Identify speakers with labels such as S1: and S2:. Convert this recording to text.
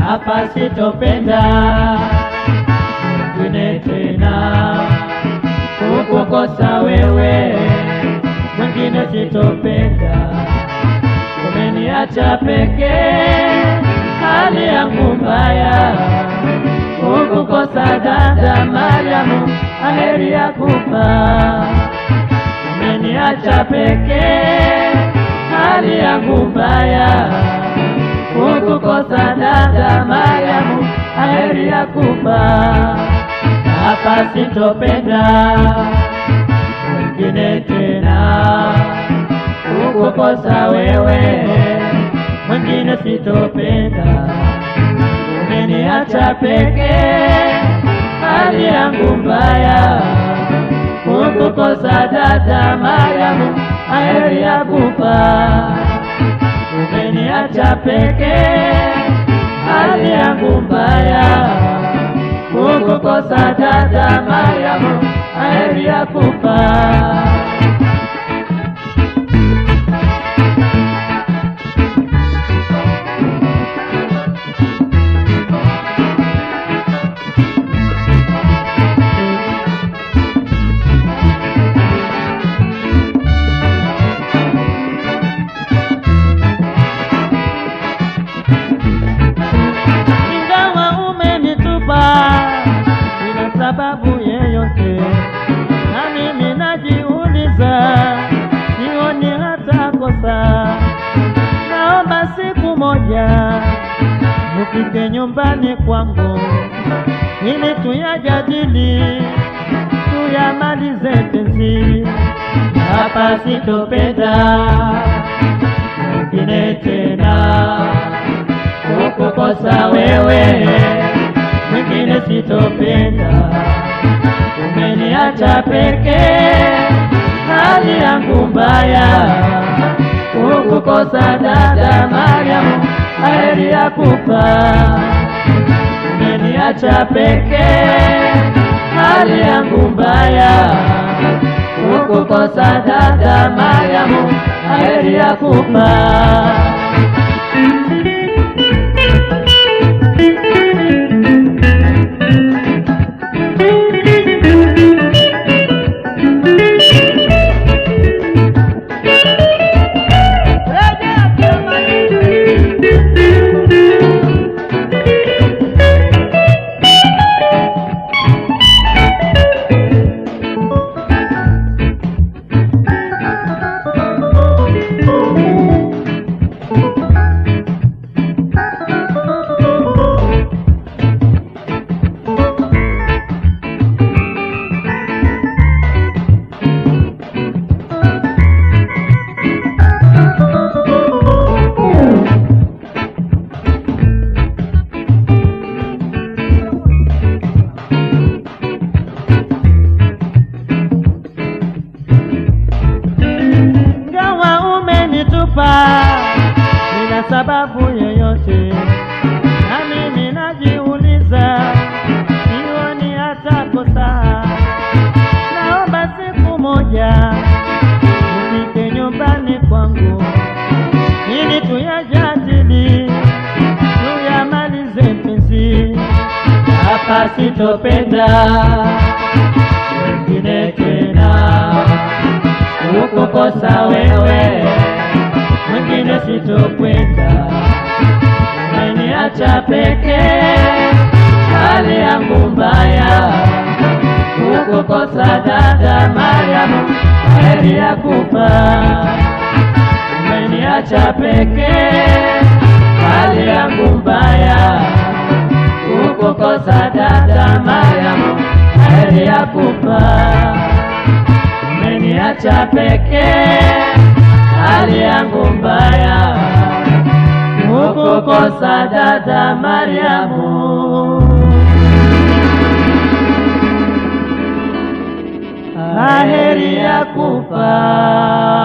S1: Hapa sitopenda mwingine tena, kukukosa wewe, mwingine sitopenda. Umeniacha pekee, hali yangu mbaya, kukukosa na heri ya kufa. Umeniacha pekee, hali yangu mbaya, kukukosa dada Mariamu, na heri ya kufa. Hapa sitopenda wengine tena, kukukosa wewe, mwingine sitopenda. Umeniacha pekee hali yangu mbaya, Mungu dada Mariamu, aheri ya kufa, umeniacha peke, hali yangu mbaya, Mungu dada Mariamu, aheri ya kufa
S2: nyumbani kwangu, ili tuyajadili, tuyamalize tenzi.
S1: Hapa sitopenda wengine tena, kukukosa wewe, mwingine sitopenda. Umeniacha peke, hali yangu mbaya, kukukosa dada Mariamu, heri ya kufa kuniacha peke, hali yangu mbaya, ukukosa dada Mariamu, heri ya kupaa
S2: nina sababu yoyote, na mimi najiuliza, ni hata kosa. Naomba siku moja ufike nyumbani kwangu ili tuyajadili, tuyamalize mpenzi,
S1: hapa sitopenda wengine tena, wewe mwingine sitokwenda, umeniacha peke, hali yangu mbaya, kukukosa dada Mariamu, heri ya kufa, umeniacha peke, hali yangu mbaya, kukukosa dada Mariamu, heri ya kufa, umeniacha peke hali yangu mbaya, hukukosa dada Mariamu. Aheri ya kufa